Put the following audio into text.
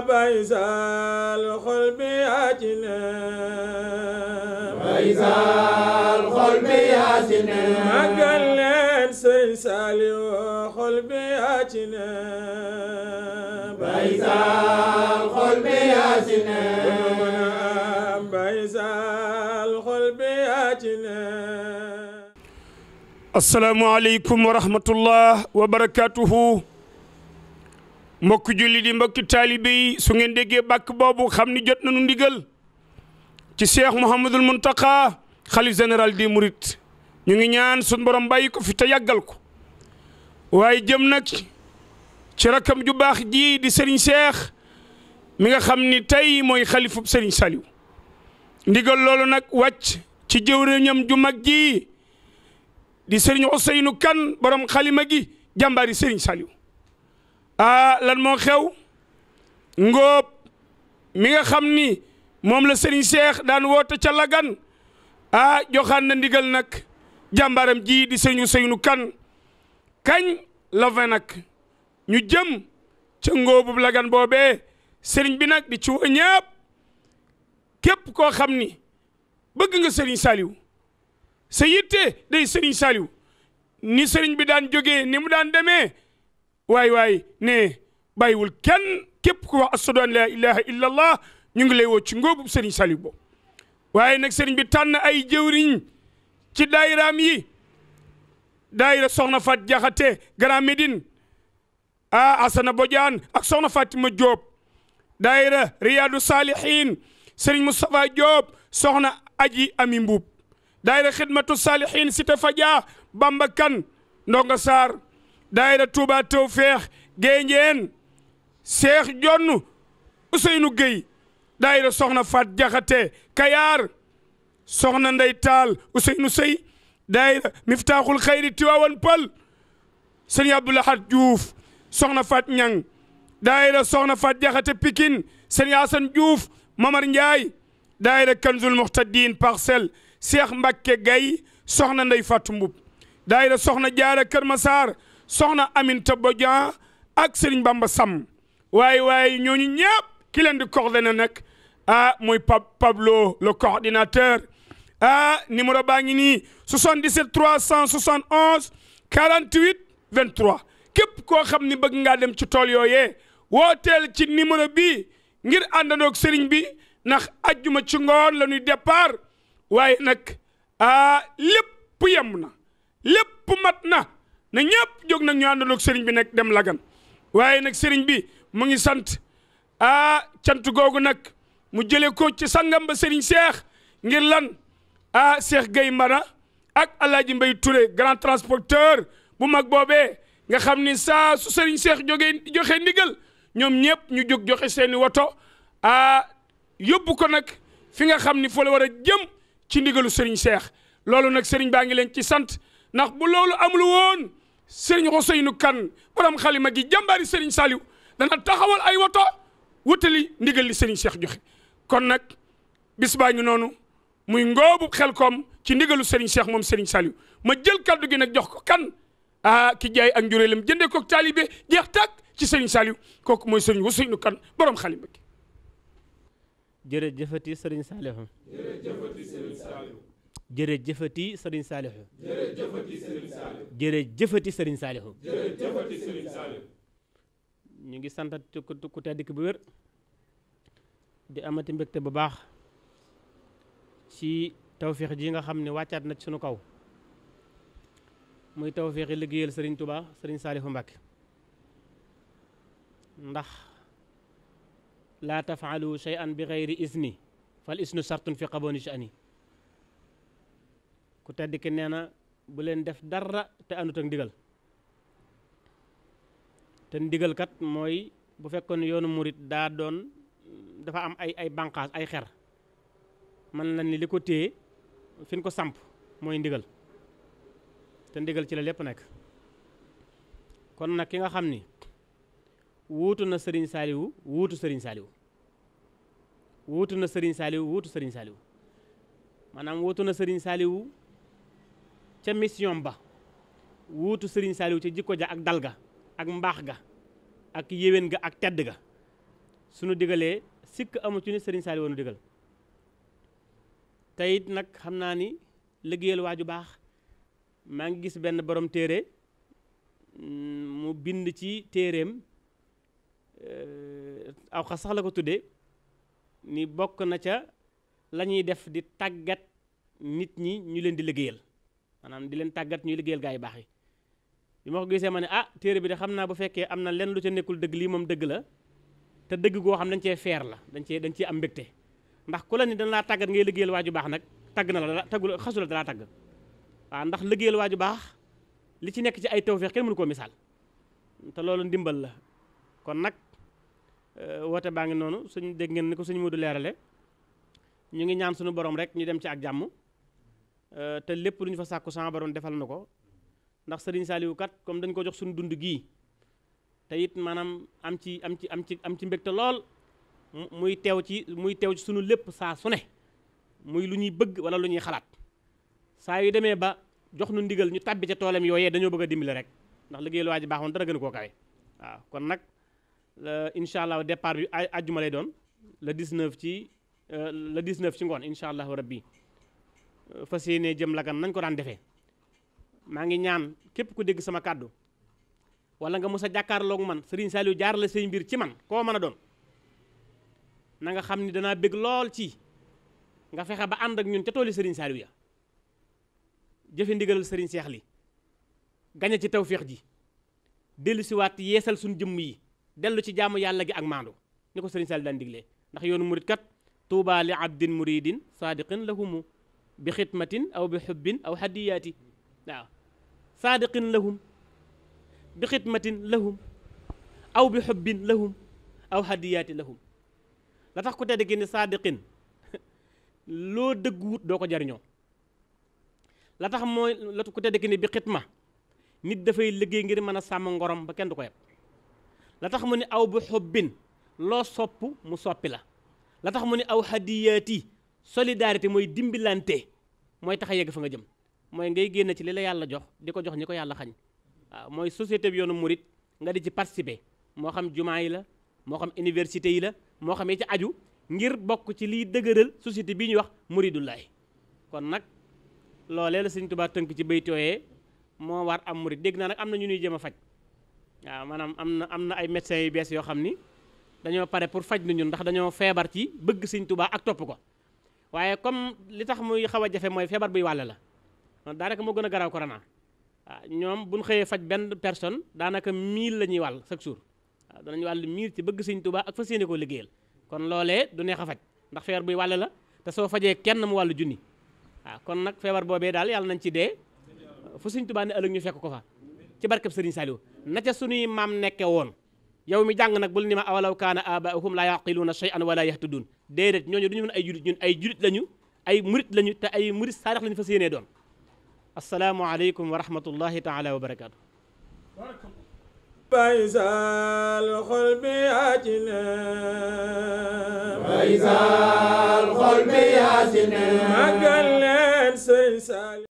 بيزال القلب أجنب بيزال القلب أجنب مقلن سيسال القلب أجنب بيزال القلب أجنب asalaamualeykum wa rahmatullah wa barakatuhu mbokk julli di mbokki taalibe yi su ngeen déggee bàkk boobu xam ni jot nañu ndigal ci cheikh mouhamadul muntaka xalif général des mourides ñu ngi ñaan suñ borom bàyyi ko fi te yàggal ko waaye jëm nag ci rakam ju baax ji di sëriñ cheikh mi nga xam ni tey mooy xalifub sëriñ saliw ndigal loolu nag wàcc ci jëwriñam ju mag ji di sëriñ Ousseynou kan borom xalima gi jàmbaari sëriñ saliw a ah, lan moo xew ngóob mi nga xam ni moom la sëriñ Cheikh daan woote ca Lagan a ah, joxaan na ndigal nag jàmbaram ji di sëñu sëñu kan kañ la fa ñu jëm ca ngóobu Lagan boobee sëriñ bi nag di ci woo ñëpp képp koo xam ni bëgg nga sëriñ saliw sa yitte day sëriñ Saliou ni sëriñ bi daan jógee ni mu daan demee waay waay ne bàyyiwul kenn képp ku wax an laa ilaha illa allah ñu ngi lay woo ci ngóobu sëriñ Saliou bo waaye nag sëriñ bi tànn ay jëwriñ ci daayiraam yi daayira soxna Fat Jaxate Grand Médine a Asana Bodiane ak soxna Fatima Diop daayira Riyadou Salihin sëriñ Moustapha Diop soxna Aji Ami Mbuub daayira Xidmatu Salihin Cité Fadia Bamba Kan Ndonga Sarr daayira Touba Tawféex Gaynjeen Seex Jonn Ousseynou Gueye daayira soxna Fat Jaxate Kayaar soxna Ndey Taal Ousseynou Sey daayira Miftaaxul Xayri Tiwaawan Pël sëñ Abdoulahat Diouf soxna Fat Ñang daayira soxna Fat Jaxate Pikine sëñ Asan Diouf Mamar Ndiaye daayira Kanzul Muhtadin Parcelles Seex Mbakke Gaye soxna Ndey fat Mbub daayira soxna Jaara Kër soxna Aminta Bodian ak Serigne Bamba Sam waaye waaye ñooñu ñëpp ki leen di coordonné nag ah muy Pablo le coordinateur ah numéro baa ngi nii 77 371 48 23 képp koo xam ni bëgg ngaa dem ci tool yooyee wooteel ci numéro bi ngir àndandoog Serigne bi ndax ajjuma ci ngoon la ñuy départ waaye nag ah lépp yem na lépp mat na. ne ñëpp jóg nag ñu àndandoo ak sëriñ bi nag dem lagan waaye nag sëriñ bi mu ngi sant a cant googu nag mu jëlee ko ci sangam ba sëriñ Cheikh ngir lan ah Cheikh Gueye Mbana ak Alaaji Mbay Touré grand transporteur bu mag boobee nga xam ni saa su sëriñ Cheikh jógee joxe ndigal ñoom ñëpp ñu jóg joxe seeni woto a yóbbu ko nag fi nga xam ni foo la war jëm ci ndigalu sëriñ Cheikh loolu nag sëriñ baa ngi leen ci sant ndax bu loolu amul woon. sëriñ Ousseynou kan borom xalima gi jàmbaari sëriñ Saliou dana taxawal ay woto wutali ndigal li sëriñ Cheikh joxe kon nag bis noonu muy ngoobu Xelkom ci ndigalu sëriñ Cheikh moom sëriñ Saliou ma jël kaddu gi nag jox ko kan ah ki jaay ak njuréelam jëndee ko taalibe jeex tàkk ci sëriñ Saliou kooku mooy sëriñ Ousseynou Kane borom xalima gi. jërëjëfati sëriñ Saliou. jërëjëfati jërëjëfati Serigne sëriñ jërëjëfati Serigne Saliou. jërëjëfati Serigne ñu ngi sant ku tedd ki bu wér. di amati mbégte bu baax. ci tawféex ji nga xam ne wàccaat na ci sunu kaw. muy tawféexi liggéeyal sëriñ Touba sëriñ Saliou Mbacké. ndax. laa tafaalu shay'an bi xayri isni fal isnu sartun fi qabooni sha'ni ku tedd ki nee na bu leen def dara te àndut ak ndigal te ndigal kat mooy bu fekkoon yoonu murit daa doon dafa am ay ay bànqaas ay xer mën la ni li ko téye fi ko samp mooy ndigal te ndigal ci la lépp nekk kon nag ki nga xam ni wuutu na sëriñ saaliwu wuutu sëriñ saaliwu wuutu na sëriñ saaliwu wuutu sëriñ saaliwu maanaam wuutu na sëriñ saaliwu ca mission ba wuutu sëriñ Saliou ca jikko ja ak dal ga ak mbaax ga ak yéwén ga ak tedd ga sunu digalee sikk amu ci ni sëriñ Saliou woonu digal tey nag xam naa ni liggéeyal ju baax maa ngi gis benn borom téere mm, mu bind ci téereem euh, aw xas sax la ko tudde ni bokk na ca la ñuy def di tàggat nit ñi ñu leen di liggéeyal maanaam di leen tàggat ñuy liggéeyal gaa yi baax yi bi ma ko gisee ma ne ah téere bi de xam naa bu fekkee am na lenn lu ca nekkul dëgg lii moom dëgg la te dëgg goo xam dañ cee feer la dañ cee dañ cee am mbégte ndax ku la ni dañ laa tàggat ngay liggéeyal waaju baax nag tagg na la taggul xasu la dalaa tagg waaw ndax liggéeyal waaju baax li ci nekk ci ay tawfeex kenn mënu koo misaal te loolu ndimbal la kon nag euh, woote baa ngi noonu suñu dégg ngeen ni ko suñu mudu leerale ñu ngi ñaan suñu borom rek ñu dem ci ak jàmm Euh, te lépp lu ñu fa sàkku sama baroon defal na ko ndax sëriñ Saliou kat comme dañ ko jox suñu dund gii te it maanaam am ci am ci am ci am ci mbégte lool muy teew ci muy teew ci suñu lépp saa su ne muy lu ñuy bëgg wala lu ñuy xalaat saa yu demee ba jox nu ndigal ñu tàbbi ca toolam yooyee dañoo bëgg a rek ndax liggéey lu waa ji baaxoon dara gën ko kawe waaw kon nag incha allah départ bi ajjuma lay doon le 19 ci euh, le 19 ci ngoon incha allah rabbi fa yéenee jëm lagan nañ ko daan defee maa ngi ñaan képp ku dégg sama kàddu wala nga mos a jàkkaarloog man Serigne Saliou jaar la say mbir ci man koo mën a doon na nga xam ni danaa bég lool ci nga fexe ba ànd ak ñun ca tooli Serigne Saliou ya jëfe ndigalal Serigne Cheikh li gañe ci tawféex ji dellu siwaat yeesal suñ jëmm yi dellu ci jaamu yàlla gi ak maandu ñu ko Serigne Saliou daan diglee ndax yoonu murit kat tuubaa li abdin muridin saadiqin lahumu bi xidmatin aw bi xubbin aw hadiyaati waaw saadiqin lahum bi xidmatin lahum aw bi xubbin lahum aw hadiyaati lahum la tax ku tedd ki ni saadiqin loo dëgg wut doo ko jariñoo la tax mooy la ku tedd ki ni bi xidma nit dafay liggéey ngir mën a sàmm ngorom ba kenn du ko yeb la tax mu ni aw bi xubbin loo sopp mu soppi la la tax mu ni aw hadiyaati solidarité mooy dimbilante mooy tax a yegg fa nga jëm mooy ngay génn ci li la yàlla jox di ko jox ñi ko yàlla xañ waaw mooy société bi yoonu murit nga di ci participer moo xam jumaa yi la moo xam université yi la moo xam yi ci aju ngir bokk ci liy dëgëral société bi ñuy wax muridullahi kon nag loolee la sëñ Tuubaa tënk ci baytooyee moo war am murit dégg naa nag am na ñu ñuy jëm a faj waaw maanaam am na am na ay médecins yu bees yoo xam ni dañoo pare pour faj nu ñun ndax dañoo feebar ci bëgg sëñ ak topp ko waaye comme li tax muy xaw a jafe mooy feebar buy wàll la daanaka moo gën a garaaw corona ah, ñoom bu ñu xëyee faj benn personne daanaka 1000 la ñuy wàll chaque jour waaw ah, danañu wàll 1000 ci bëgg Sëñ Tuubaa ak fa yéene koo liggéeyal kon loolee du neex a faj ndax feebar buy wàll la te soo fajee kenn mu wàllu junni waaw ah, kon nag feebar boobee daal yàlla nañ ci dee fu Sëñ Tuubaa ne ëllëg ñu fekk ko fa ci barkeb Sëriñ Saliou na ca suñuy maam nekke woon yow mi jàng nag bul ni ma awalaw kaana abaahum laa yaqiluuna shay'an wala yahtadun déedéet ñooñu duñu mën ay julit ñun ay julit lañu ay murit lañu te ay murit saarax lañu fas yéenee doon asalaamualeykum wa rahmatullahi taala wa